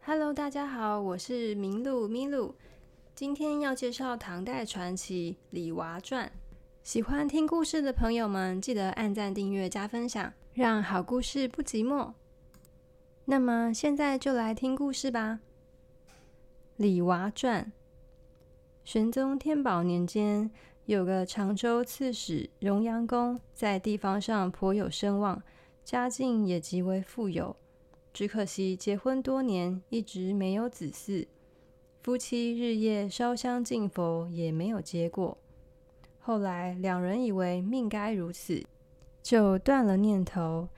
哈嘍，Hello, 大家好，我是鳴鹿，鳴鹿。今天要介紹唐代傳奇《李娃傳》。喜歡聽故事的朋友們，記得按贊、訂閱、加分享，讓好故事不寂寞。那麼，現在就來聽故事吧。《李娃傳》，玄宗天寶年間，有個常州刺史榮陽公，在地方上頗有聲望，家境也極為富有。只可惜結婚多年，一直沒有子嗣。夫妻日夜燒香敬佛，也沒有結果。後來兩人以為命該如此，就斷了念頭。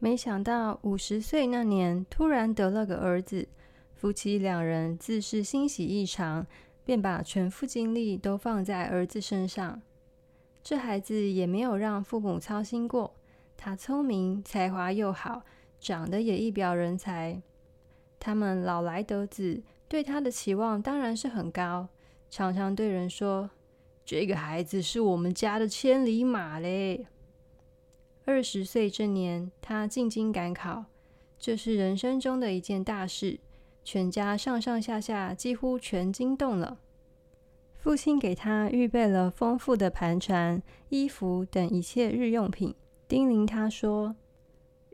沒想到五十歲那年，突然得了個兒子。夫妻兩人自是欣喜異常，便把全副精力都放在兒子身上。這孩子也沒有讓父母操心過，他聰明，才華又好。長得也一表人才，他們老來得子，對他的期望當然是很高。常常對人說：“這個孩子是我們家的千里馬嘞。”二十歲這年，他進京趕考，這是人生中的一件大事，全家上上下下幾乎全驚動了。父親給他預備了豐富的盤纏、衣服等一切日用品，叮嚀他說，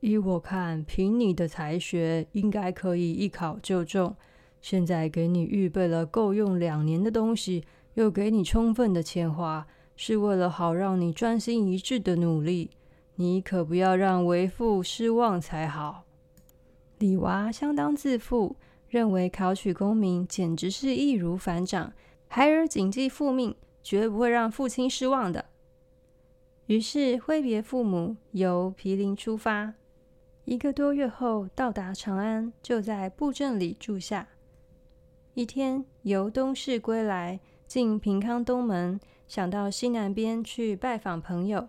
依我看，憑你的才學，應該可以一考就中。現在給你預備了夠用兩年的東西，又給你充分的錢花，是為了好讓你專心一致的努力。你可不要讓為父失望才好。李娃相當自負，認為考取功名簡直是易如反掌。孩兒謹記父命，絕不會讓父親失望的。於是揮別父母，由毗陵出發。一個多月後到達長安，就在布政裡住下。一天由東市歸來，進平康東門，想到西南邊去拜訪朋友。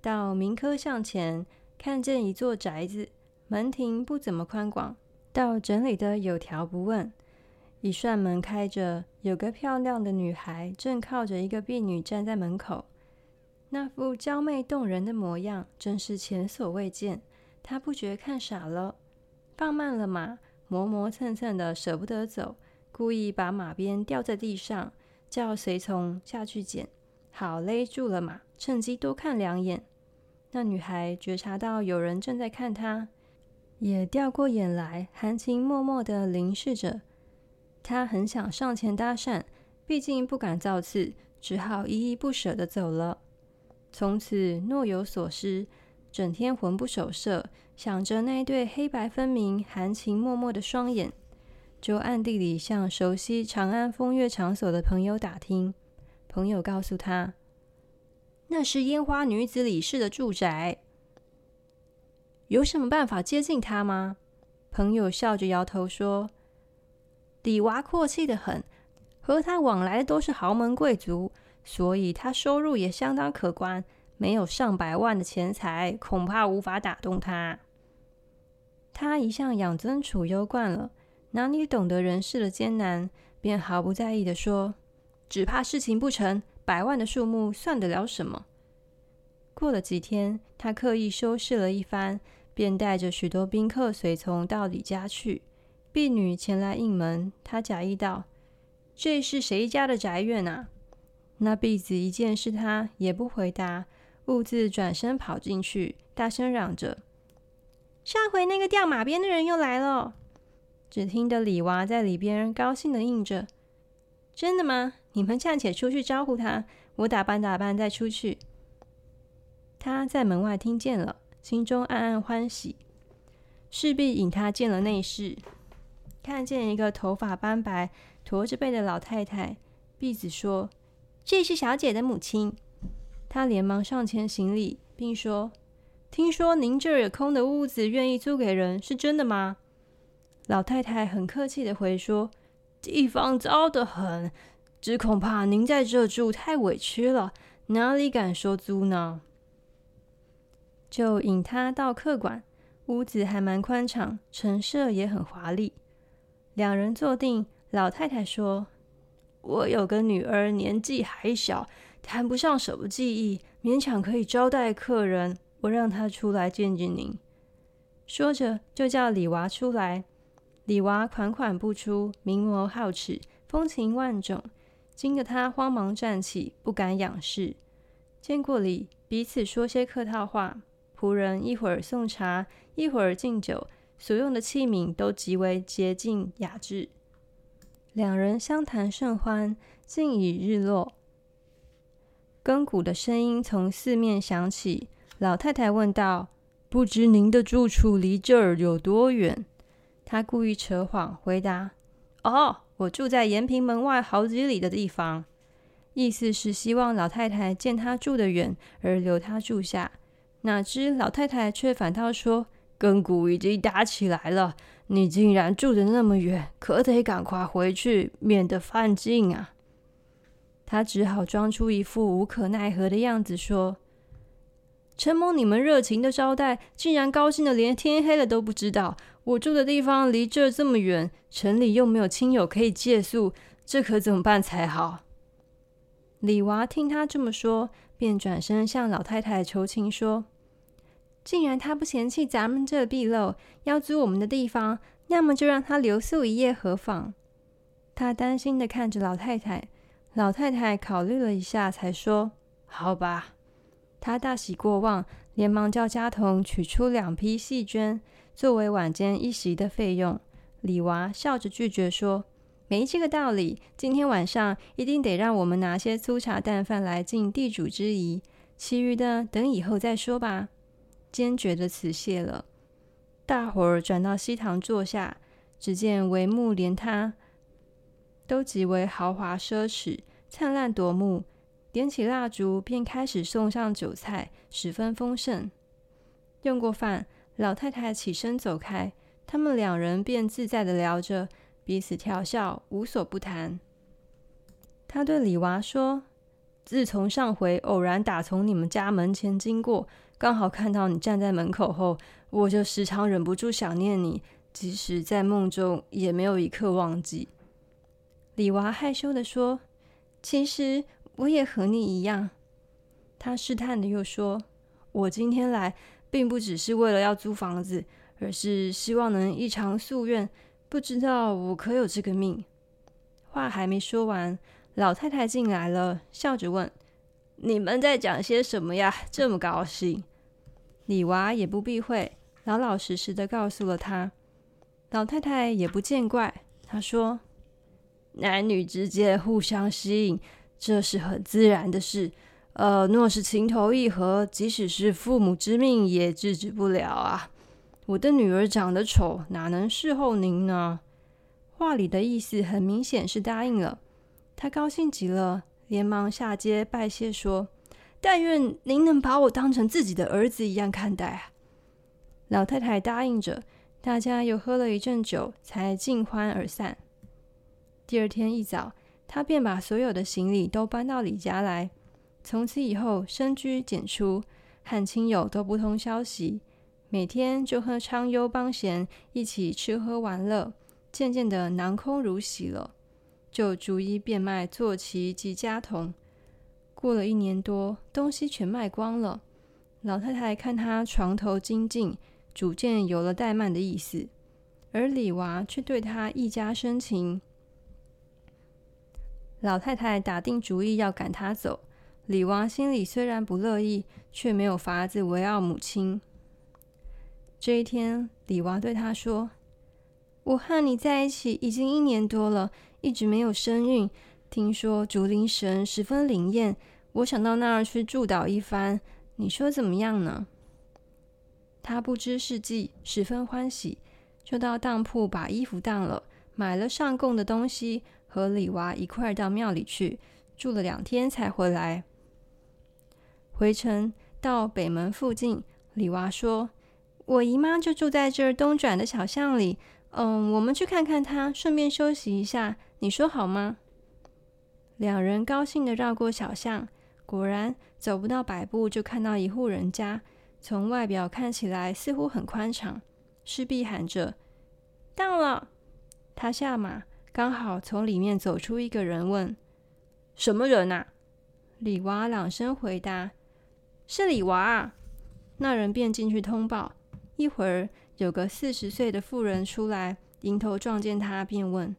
到明科巷前，看見一座宅子，門庭不怎麼寬廣，到整理的有條不紊。一扇門開着，有個漂亮的女孩正靠着一個婢女站在門口，那副嬌媚動人的模樣，真是前所未見。他不覺看傻了，放慢了馬，磨磨蹭蹭的舍不得走，故意把馬鞭掉在地上，叫隨從下去撿，好勒住了馬，趁機多看兩眼。那女孩覺察到有人正在看她，也掉過眼來，含情脈脈的凝視着。她很想上前搭訕，畢竟不敢造次，只好依依不舍的走了。從此若有所失。整天魂不守舍，想着那對黑白分明、含情脈脈的雙眼，就暗地裡向熟悉長安風月場所的朋友打聽。朋友告訴他，那是煙花女子李氏的住宅。有什麼辦法接近她嗎？朋友笑着搖頭說：“李娃闊氣得很，和他往來的都是豪門貴族，所以他收入也相當可觀。”沒有上百萬的錢財，恐怕無法打動他。他一向養尊處優慣了，哪裡懂得人世的艱難，便毫不在意地說：“只怕事情不成，百萬的數目算得了什麼？”過了幾天，他刻意收拾了一番，便帶着許多賓客隨從到李家去。婢女前來應門，他假意道：“這是誰家的宅院啊？”那婢子一見是他，也不回答。兀自轉身跑進去，大聲嚷着：“上回那個掉馬鞭的人又來了！”只聽得李娃在裡邊高興地應着：“真的嗎？你們暫且出去招呼他，我打扮打扮再出去。”他在門外聽見了，心中暗暗歡喜，勢必引他見了內室，看見一個頭髮斑白、駝着背的老太太，婢子說：“這是小姐的母親。”他連忙上前行禮，並說：“聽說您這兒有空的屋子，願意租給人，是真的嗎？”老太太很客氣地回說：“地方糟得很，只恐怕您在這住太委屈了，哪裡敢說租呢？”就引他到客館，屋子還蠻寬敞，陳設也很華麗。兩人坐定，老太太說：“我有個女兒，年紀還小。”談不上什麼技藝，勉強可以招待客人。我讓他出來見見您。”說着，就叫李娃出來。李娃款款步出，明眸皓齒，風情萬種，驚得他慌忙站起，不敢仰視。見過禮，彼此說些客套話。僕人一會兒送茶，一會兒敬酒，所用的器皿都極為潔淨雅緻。兩人相談甚歡，竟已日落。更鼓的聲音從四面響起，老太太問道：“不知您的住處離這兒有多遠？”他故意扯謊回答：“哦，我住在延平門外好幾里的地方。”意思是希望老太太見他住得遠，而留他住下。哪知老太太卻反倒說：“更鼓已經打起來了，你竟然住得那麼遠，可得趕快回去，免得犯禁啊！”他只好裝出一副無可奈何的樣子，說：“承蒙你們熱情的招待，竟然高興得連天黑了都不知道。我住的地方離這兒這麼遠，城裡又沒有親友可以借宿，這可怎麼辦才好？”李娃聽他這麼說，便轉身向老太太求情說：“既然他不嫌棄咱們這敝陋，要租我們的地方，那麼就讓他留宿一夜何妨？”他擔心的看着老太太。老太太考慮了一下，才說：“好吧。”她大喜過望，連忙叫家童取出兩批細絹，作為晚間一席的費用。李娃笑着拒絕說：“沒這個道理，今天晚上一定得讓我們拿些粗茶淡飯來盡地主之誼，其餘的等以後再說吧。”堅決地辭謝了。大伙兒轉到西堂坐下，只見帷幕連塌。都極為豪華奢侈，燦爛奪目。點起蠟燭，便開始送上酒菜，十分豐盛。用過飯，老太太起身走開，他們兩人便自在地聊着，彼此調笑，無所不談。他對李娃說：“自從上回偶然打從你們家門前經過，剛好看到你站在門口後，我就時常忍不住想念你，即使在夢中也沒有一刻忘記。”李娃害羞地說：“其實我也和你一樣。”他試探的又說：“我今天來並不只是為了要租房子，而是希望能一償夙願。不知道我可有這個命？”話還沒說完，老太太進來了，笑着問：“你們在講些什麼呀？這麼高興？”李娃也不避諱，老老實實的告訴了他。老太太也不見怪，她說。男女之間互相吸引，這是很自然的事。呃，若是情投意合，即使是父母之命也制止不了啊。我的女兒長得醜，哪能侍候您呢？話裡的意思很明顯是答應了。他高興極了，連忙下階拜謝說：“但願您能把我當成自己的兒子一樣看待啊！”老太太答應着，大家又喝了一陣酒，才盡歡而散。第二天一早，他便把所有的行李都搬到李家來。從此以後，深居簡出，和親友都不通消息。每天就和娼優、幫閒一起吃喝玩樂。漸漸的囊空如洗了，就逐一變賣坐騎及家童。過了一年多，東西全賣光了。老太太看他床頭金盡，逐漸有了怠慢的意思，而李娃卻對他益加深情。老太太打定主意要趕他走，李娃心裡雖然不樂意，卻沒有法子違拗母親。這一天，李娃對他說：“我和你在一起已經一年多了，一直沒有身孕。聽說竹林神十分靈驗，我想到那兒去祝禱一番，你說怎麼樣呢？”他不知是計，十分歡喜，就到當鋪把衣服當了，買了上供的東西。和李娃一塊兒到廟裡去，住了兩天才回來。回程到北門附近，李娃說：“我姨媽就住在這兒東轉的小巷裡，嗯，我們去看看她，順便休息一下，你說好嗎？”兩人高興的繞過小巷，果然走不到百步就看到一戶人家，從外表看起來似乎很寬敞。侍婢喊着：“到了！”他下馬。剛好從裡面走出一個人，問：“什麼人啊？”李娃朗聲回答：“是李娃啊。”那人便進去通報。一會兒，有個四十歲的婦人出來，迎頭撞見他，便問：“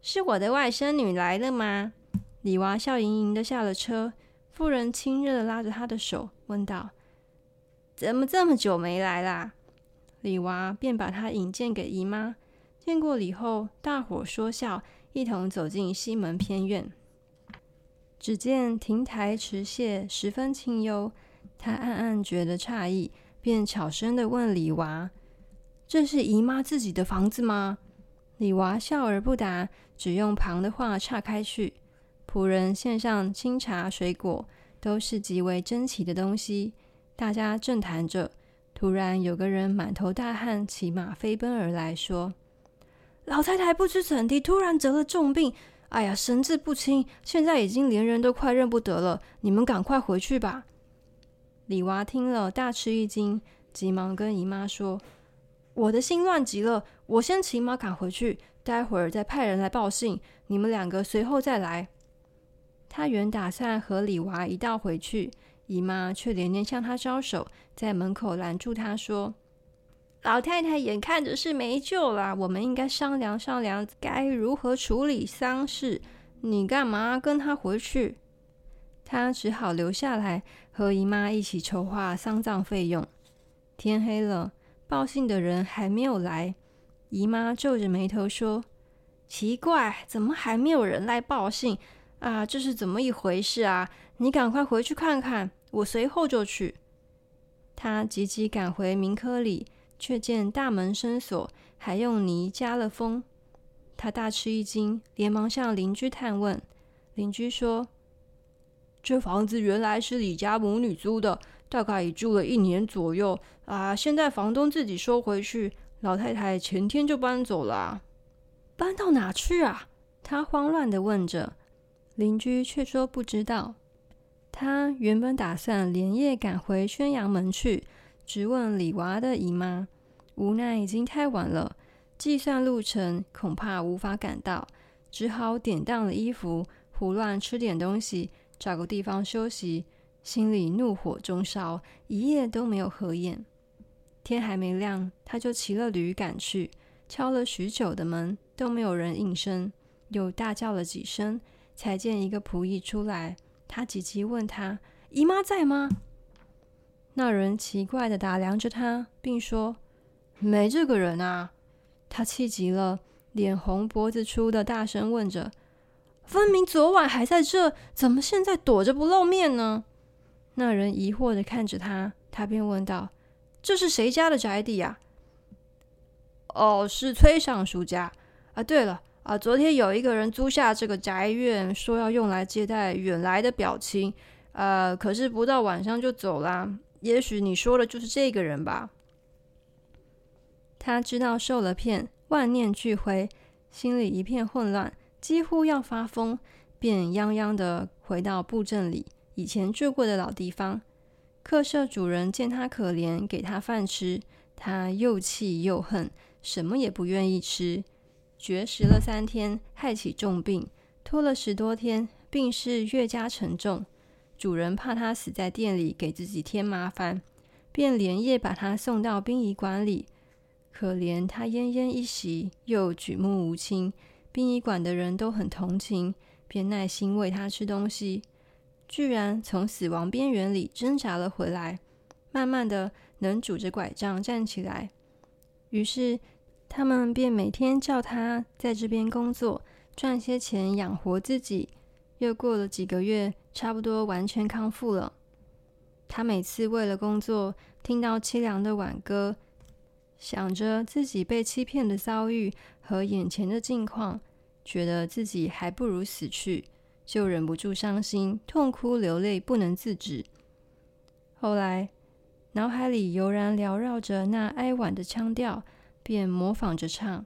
是我的外甥女來了嗎？”李娃笑盈盈的下了車，婦人親熱的拉着他的手，問道：“怎麼這麼久沒來啦？”李娃便把她引薦給姨媽。見過禮後，大夥說笑，一同走進西門偏院。只見亭台池榭十分清幽，他暗暗覺得詫異，便悄聲的問李娃：“這是姨媽自己的房子嗎？”李娃笑而不答，只用旁的話岔開去。僕人獻上清茶水果，都是極為珍奇的東西。大家正談着，突然有個人滿頭大汗，騎馬飛奔而來，說。老太太不知怎的突然得了重病，哎呀，神志不清，現在已經連人都快認不得了。你們趕快回去吧。李娃聽了大吃一驚，急忙跟姨媽說：“我的心亂極了，我先騎馬趕回去，待會兒再派人來報信。你們兩個隨後再來。”她原打算和李娃一道回去，姨媽卻連連向她招手，在門口攔住她說。老太太眼看着是沒救了，我們應該商量商量該如何處理喪事。你幹嘛跟她回去？她只好留下來和姨媽一起籌劃喪葬費用。天黑了，報信的人還沒有來。姨媽皺着眉頭說：“奇怪，怎麼還沒有人來報信啊？這是怎麼一回事啊？你趕快回去看看，我隨後就去。”她急急趕回鳴珂里。卻見大門深鎖，還用泥加了封。他大吃一驚，連忙向鄰居探問。鄰居說：“這房子原來是李家母女租的，大概已住了一年左右啊。現在房東自己收回去，老太太前天就搬走了。搬到哪去啊？”他慌亂地問着。鄰居卻說不知道。他原本打算連夜趕回宣陽門去。直問李娃的姨媽，無奈已經太晚了，計算路程恐怕無法趕到，只好典當了衣服，胡亂吃點東西，找個地方休息，心裡怒火中燒，一夜都沒有合眼。天還沒亮，他就騎了驢趕去，敲了許久的門，都沒有人應聲，又大叫了幾聲，才見一個僕役出來，他急急問他：“姨媽在嗎？”那人奇怪的打量着他，並說：“沒這個人啊！”他氣急了，臉紅脖子粗的大聲問着：“分明昨晚還在這，怎麼現在躲着不露面呢？”那人疑惑的看着他，他便問道：“這是誰家的宅邸啊？”“哦，是崔尚書家啊。對了啊、呃，昨天有一個人租下這個宅院，說要用來接待遠來的表親，呃，可是不到晚上就走了。”也許你說的就是這個人吧。他知道受了騙，萬念俱灰，心裡一片混亂，幾乎要發瘋，便怏怏的回到布政里以前住過的老地方。客舍主人見他可憐，給他飯吃。他又氣又恨，什麼也不願意吃，絕食了三天，害起重病，拖了十多天，病勢越加沉重。主人怕他死在店裡給自己添麻煩，便連夜把他送到殯儀館裡。可憐他奄奄一息，又舉目無親，殯儀館的人都很同情，便耐心餵他吃東西，居然從死亡邊緣裡掙扎了回來，慢慢的能拄着拐杖站起來。於是他們便每天叫他在這邊工作，賺些錢養活自己，又過了幾個月。差不多完全康復了。他每次為了工作，聽到淒涼的輓歌，想着自己被欺騙的遭遇和眼前的境況，覺得自己還不如死去，就忍不住傷心，痛哭流淚，不能自止。後來，腦海裡悠然繚繞着那哀婉的腔調，便模仿着唱。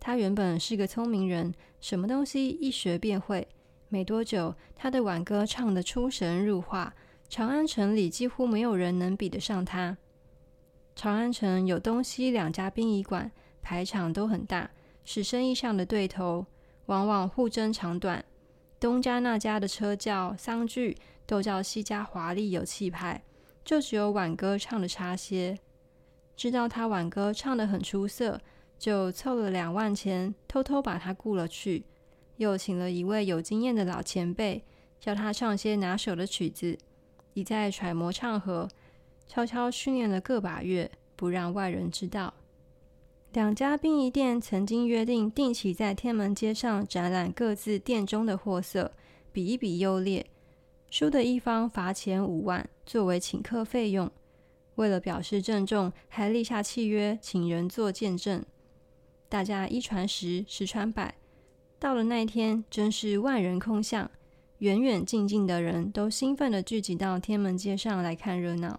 他原本是個聰明人，什麼東西一學便會。沒多久，他的輓歌唱得出神入化，長安城裡幾乎沒有人能比得上他。長安城有東西兩家殯儀館，排場都很大，是生意上的對頭，往往互爭長短。東家那家的車轎、喪具都叫西家華麗有氣派，就只有輓歌唱得差些。知道他輓歌唱得很出色，就湊了兩萬錢，偷偷把他雇了去。又請了一位有經驗的老前輩，教他唱些拿手的曲子，一再揣摩唱和，悄悄訓練了個把月，不讓外人知道。兩家殯儀店曾經約定，定期在天門街上展覽各自店中的貨色，比一比優劣，輸的一方罰錢五萬作為請客費用。為了表示鄭重，還立下契約，請人做見證。大家一傳十，十傳百。到了那天，真是萬人空巷，遠遠近近的人都興奮地聚集到天門街上來看熱鬧。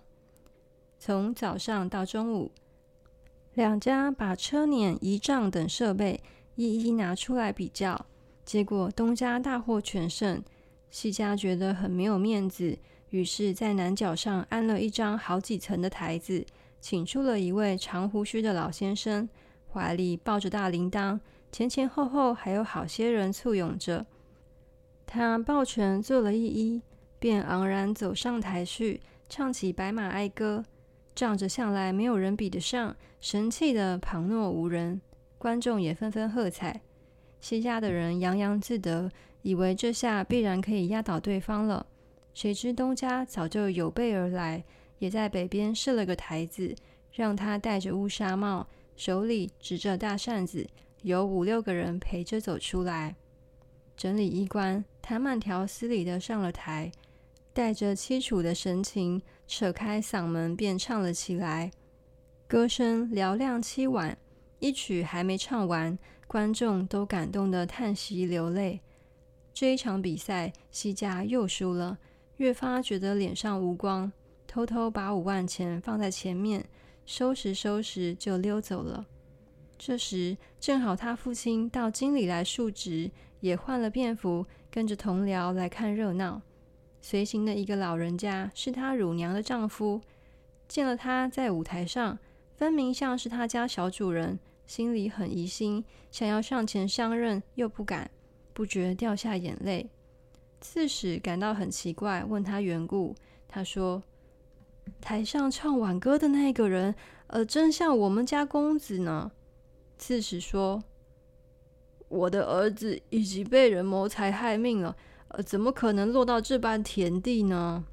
從早上到中午，兩家把車輦、儀仗等設備一一拿出來比較，結果東家大獲全勝。西家覺得很沒有面子，於是，在南角上安了一張好幾層的台子，請出了一位長鬍鬚的老先生，懷裡抱着大鈴鐺。前前後後還有好些人簇擁着他，抱拳做了一揖，便昂然走上台去，唱起《白馬哀歌》。仗着向來沒有人比得上，神氣的旁若無人，觀眾也紛紛喝彩。西家的人洋洋自得，以為這下必然可以壓倒對方了。誰知東家早就有備而來，也在北邊設了個台子，讓他戴着烏紗帽，手裡執着大扇子。有五六個人陪着走出來，整理衣冠。他慢條斯理的上了台，帶着淒楚的神情，扯開嗓門便唱了起來。歌聲嘹亮淒婉，一曲還沒唱完，觀眾都感動得嘆息流淚。這一場比賽，西家又輸了，越發覺得臉上無光，偷偷把五萬錢放在前面，收拾收拾就溜走了。這時正好他父親到京裡來述職，也換了便服，跟着同僚來看熱鬧。隨行的一個老人家是他乳娘的丈夫，見了他在舞台上，分明像是他家小主人，心裡很疑心，想要上前相認又不敢，不覺掉下眼淚。刺史感到很奇怪，問他緣故，他說：“台上唱輓歌的那個人，呃，真像我們家公子呢。”刺史說：“我的兒子已經被人謀財害命了，呃，怎麼可能落到這般田地呢？”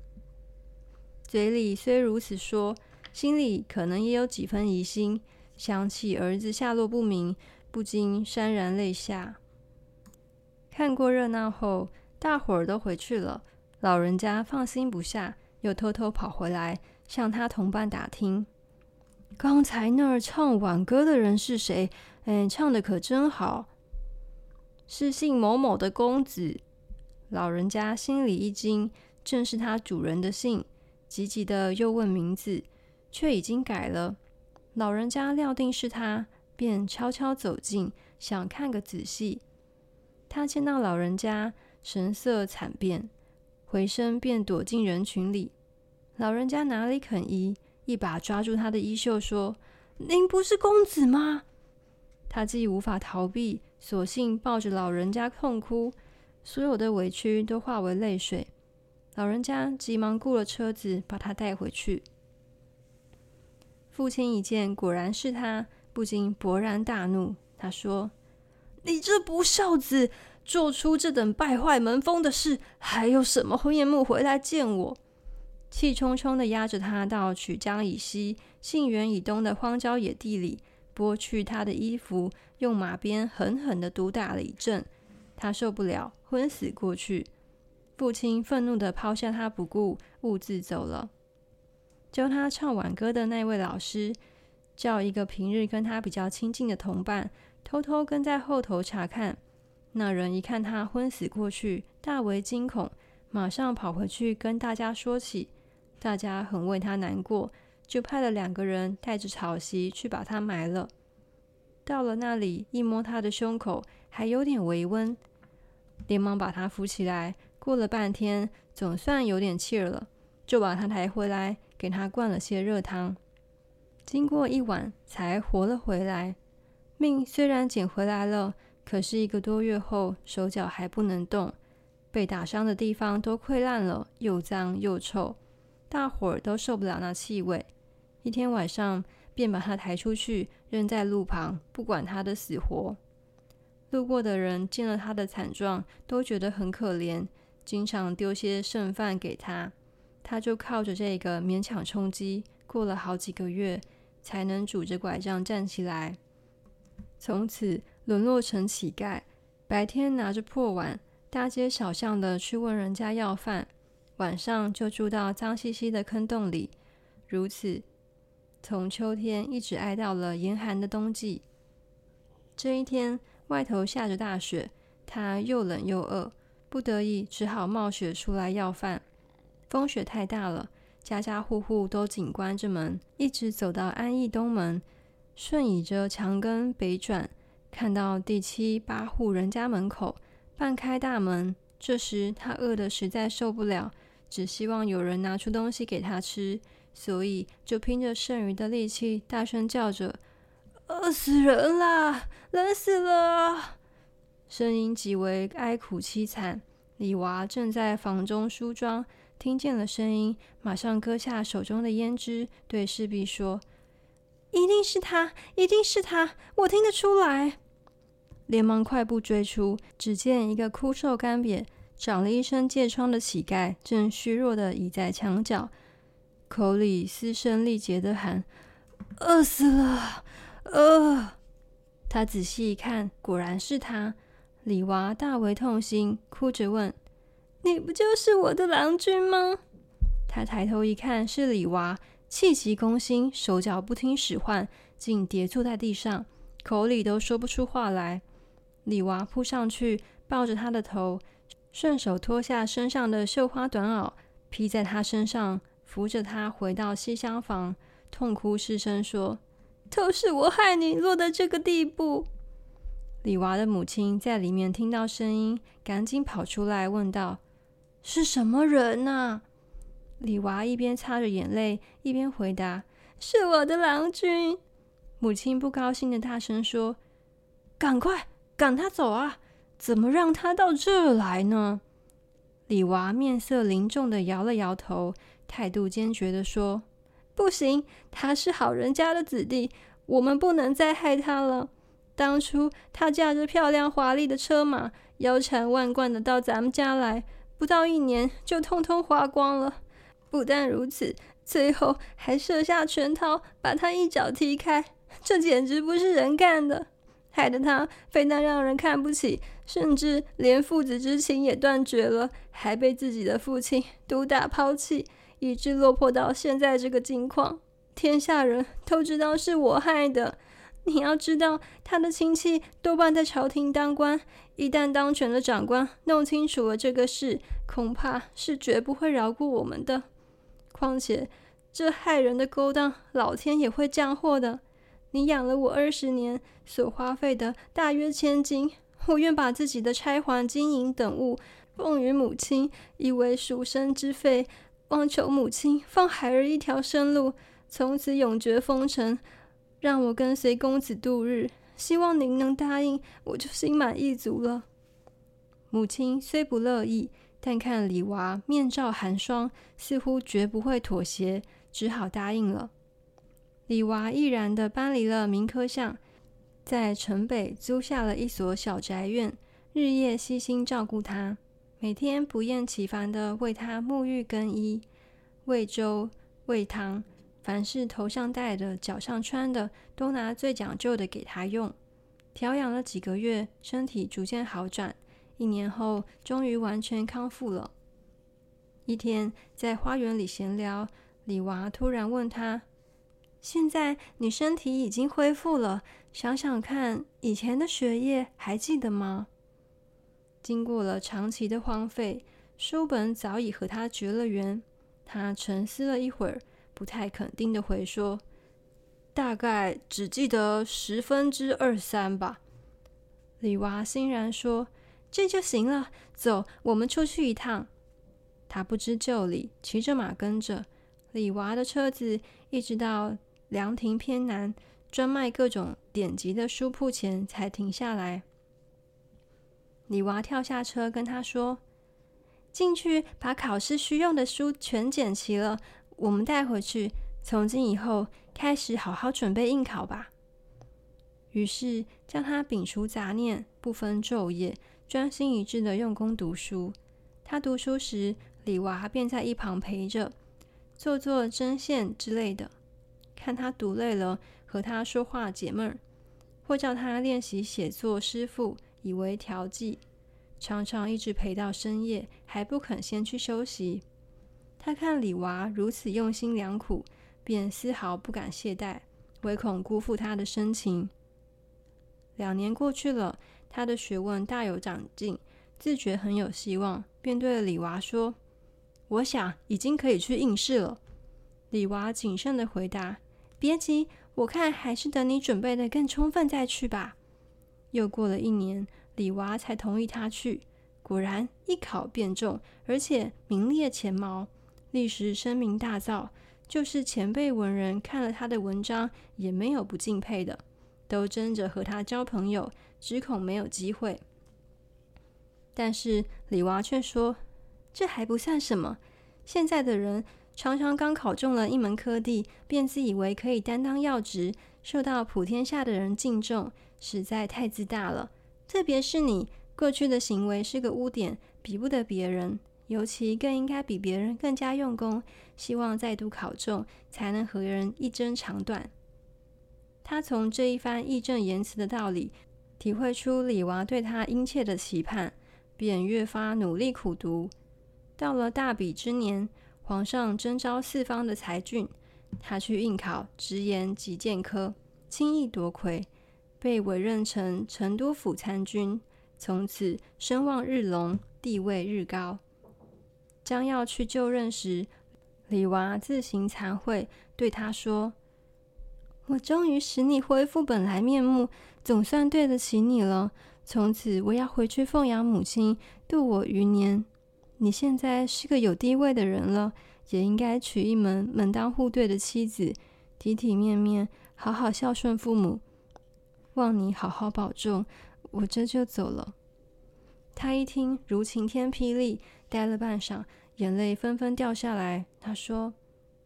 嘴裡雖如此說，心裡可能也有幾分疑心，想起兒子下落不明，不禁潸然淚下。看過熱鬧後，大夥兒都回去了，老人家放心不下，又偷偷跑回來向他同伴打聽。剛才那兒唱輓歌的人是誰？嗯，唱的可真好。是姓某某的公子。老人家心裡一驚，正是他主人的姓。急急的又問名字，却已經改了。老人家料定是他，便悄悄走近，想看個仔細。他見到老人家神色慘變，回身便躲進人群裡。老人家哪裡肯依？一把抓住他的衣袖，說：“您不是公子嗎？”他既無法逃避，索性抱着老人家痛哭，所有的委屈都化為淚水。老人家急忙僱了車子把他帶回去。父親一見，果然是他，不禁勃然大怒。他說：“你這不孝子，做出這等敗壞門風的事，還有什麼面目回來見我？”氣沖沖地押着他到曲江以西、杏園以東的荒郊野地裡，剝去他的衣服，用馬鞭狠狠地毒打了一陣。他受不了，昏死過去。父親憤怒地拋下他不顧，兀自走了。教他唱輓歌的那位老師，叫一個平日跟他比較親近的同伴，偷偷跟在後頭查看。那人一看他昏死過去，大為驚恐，馬上跑回去跟大家說起。大家很為他難過，就派了兩個人帶着草席去把他埋了。到了那裡，一摸他的胸口還有點微溫，連忙把他扶起來。過了半天，總算有點氣了，就把他抬回來，給他灌了些熱湯。經過一晚，才活了回來。命雖然撿回來了，可是一個多月後，手腳還不能動，被打傷的地方都潰爛了，又髒又臭。大伙兒都受不了那氣味，一天晚上便把他抬出去扔在路旁，不管他的死活。路過的人見了他的慘狀，都覺得很可憐，經常丟些剩飯給他。他就靠着這個勉強充飢，過了好幾個月，才能拄着拐杖站起來。從此淪落成乞丐，白天拿着破碗，大街小巷的去問人家要飯。晚上就住到髒兮兮的坑洞裡，如此從秋天一直挨到了嚴寒的冬季。這一天外頭下着大雪，他又冷又餓，不得已只好冒雪出來要飯。風雪太大了，家家戶戶都緊關着門。一直走到安邑東門，順倚着牆根北轉，看到第七八戶人家門口半開大門。這時他餓得實在受不了。只希望有人拿出東西給他吃，所以就拼着剩餘的力氣大聲叫着：“餓死人啦，冷死了！”聲音極為哀苦淒慘。李娃正在房中梳妝，聽見了聲音，馬上擱下手中的胭脂，對侍婢說：“一定是他，一定是他，我聽得出來。”連忙快步追出，只見一個枯瘦乾癟。長了一身疥瘡的乞丐正虛弱的倚在牆角，口裡嘶聲力竭的喊：“餓死了，餓！”他仔細一看，果然是他。李娃大為痛心，哭着問：“你不就是我的郎君嗎？”他抬頭一看，是李娃，氣急攻心，手腳不聽使喚，竟跌坐在地上，口裡都說不出話來。李娃撲上去，抱着他的頭。順手脫下身上的繡花短襖，披在他身上，扶着他回到西廂房，痛哭失聲說：“都是我害你落到這個地步。”李娃的母親在裡面聽到聲音，趕緊跑出來問道：“是什麼人啊？”李娃一邊擦着眼淚，一邊回答：“是我的郎君。”母親不高興的大聲說：“趕快趕他走啊！”怎麼讓他到這兒來呢？李娃面色凝重的搖了搖頭，態度堅決的說：“不行，他是好人家的子弟，我們不能再害他了。當初他駕着漂亮華麗的車馬，腰纏萬貫的到咱們家來，不到一年就通通花光了。不但如此，最後還設下圈套把他一腳踢開，這簡直不是人幹的。”害得他非但讓人看不起，甚至連父子之情也斷絕了，還被自己的父親毒打拋棄，以致落魄到現在這個境況。天下人都知道是我害的。你要知道，他的親戚多半在朝廷當官，一旦當權的長官弄清楚了這個事，恐怕是絕不會饒過我們的。況且，這害人的勾當，老天也會降禍的。你養了我二十年，所花費的大約千金，我願把自己的釵環、金銀等物奉與母親，以為贖身之費，望求母親放孩兒一條生路，從此永絕風塵，讓我跟隨公子度日。希望您能答應，我就心滿意足了。母親雖不樂意，但看李娃面罩寒霜，似乎絕不會妥協，只好答應了。李娃毅然的搬離了鳴珂巷，在城北租下了一所小宅院，日夜悉心照顧他，每天不厭其煩的為他沐浴更衣、餵粥、餵湯，凡是頭上戴的、腳上穿的，都拿最講究的給他用。調養了幾個月，身體逐漸好轉，一年後終於完全康復了。一天在花園裡閒聊，李娃突然問他。現在你身體已經恢復了，想想看，以前的學業還記得嗎？經過了長期的荒廢，書本早已和他絕了緣。他沉思了一會兒，不太肯定的回說：“大概只記得十分之二三吧。”李娃欣然說：“這就行了，走，我們出去一趟。”他不知就裡，騎着馬跟着李娃的車子，一直到涼亭偏南，專賣各種典籍的書鋪前才停下來。李娃跳下車，跟他說：“進去把考試需用的書全撿齊了，我們帶回去。從今以後，開始好好準備應考吧。”於是，將他摒除雜念，不分晝夜，專心一致的用功讀書。他讀書時，李娃便在一旁陪着，做做針線之類的。看他讀累了，和他說話解悶兒，或叫他練習寫作、詩賦以為調劑，常常一直陪到深夜，還不肯先去休息。他看李娃如此用心良苦，便絲毫不敢懈怠，唯恐辜負他的深情。兩年過去了，他的學問大有長進，自覺很有希望，便對李娃說：“我想已經可以去應試了。”李娃謹慎地回答。別急，我看還是等你準備得更充分再去吧。又過了一年，李娃才同意他去。果然一考便中，而且名列前茅，歷史聲名大噪。就是前輩文人看了他的文章，也沒有不敬佩的，都爭着和他交朋友，只恐沒有機會。但是李娃卻說：“這還不算什麼，現在的人。”常常剛考中了一門科第，便自以為可以擔當要職，受到普天下的人敬重，實在太自大了。特別是你，過去的行為是個污點，比不得別人，尤其更應該比別人更加用功，希望再度考中，才能和人一爭長短。他從這一番義正言辭的道理，體會出李娃對他殷切的期盼，便越發努力苦讀。到了大比之年。皇上徵召四方的才俊，他去應考，直言極諫科，輕易奪魁，被委任成成都府參軍，從此聲望日隆，地位日高。將要去就任時，李娃自行慚愧，對他說：“我終於使你恢復本來面目，總算對得起你了。從此我要回去奉養母親，度我餘年。”你現在是個有地位的人了，也應該娶一門門當戶對的妻子，體體面面，好好孝順父母。望你好好保重，我這就走了。他一聽，如晴天霹靂，呆了半晌，眼淚紛紛掉下來。他說：“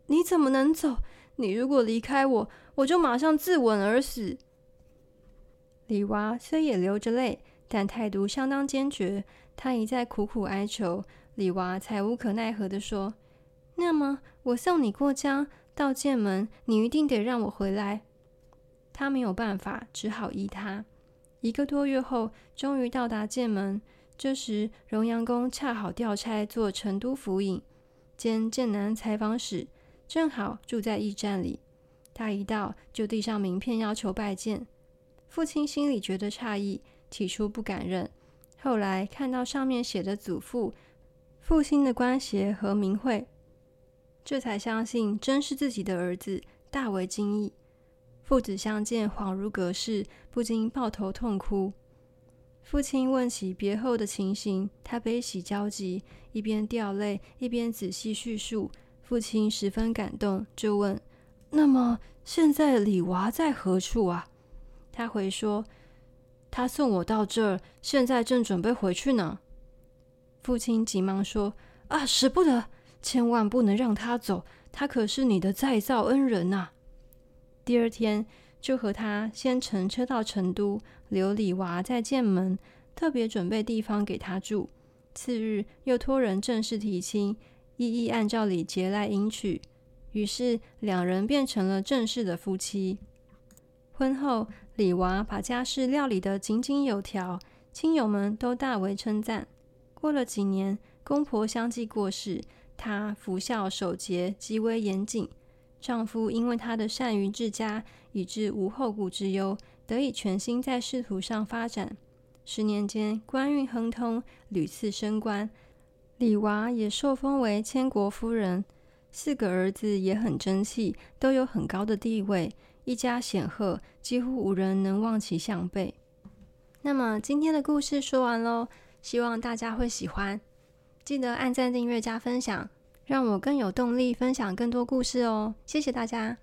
你怎麼能走？你如果離開我，我就馬上自刎而死。”李娃雖也流着淚，但態度相當堅決。他一再苦苦哀求。李娃才無可奈何地說：“那麼我送你過江到劍門，你一定得讓我回來。”他沒有辦法，只好依他。一個多月後，終於到達劍門。這時，榮陽公恰好調差做成都府尹兼劍南採訪使，正好住在驛站裡。他一到，就遞上名片，要求拜見。父親心裡覺得詫異，起初不敢認，後來看到上面寫的“祖父”。父親的官銜和名諱，這才相信真是自己的兒子，大為驚異。父子相見，恍如隔世，不禁抱頭痛哭。父親問起別後的情形，他悲喜交集，一邊掉淚，一邊仔細敘述。父親十分感動，就問：“那麼現在李娃在何處啊？”他回說：“他送我到這兒，現在正準備回去呢。”父親急忙說：“啊，使不得！千萬不能讓他走。他可是你的再造恩人吶、啊。”第二天就和他先乘車到成都，留李娃在劍門，特別準備地方給他住。次日又托人正式提親，一一按照禮節來迎娶。於是兩人變成了正式的夫妻。婚後，李娃把家事料理得井井有條，親友們都大為稱讚。過了幾年，公婆相繼過世，她服孝守節，極為嚴謹。丈夫因為她的善於治家，以致無後顧之憂，得以全心在仕途上發展。十年間，官運亨通，屢次升官，李娃也受封為汧國夫人。四個兒子也很爭氣，都有很高的地位，一家顯赫，幾乎無人能望其項背。那麼，今天的故事說完嘍。希望大家會喜歡，記得按贊、訂閱、加分享，讓我更有動力分享更多故事哦，謝謝大家。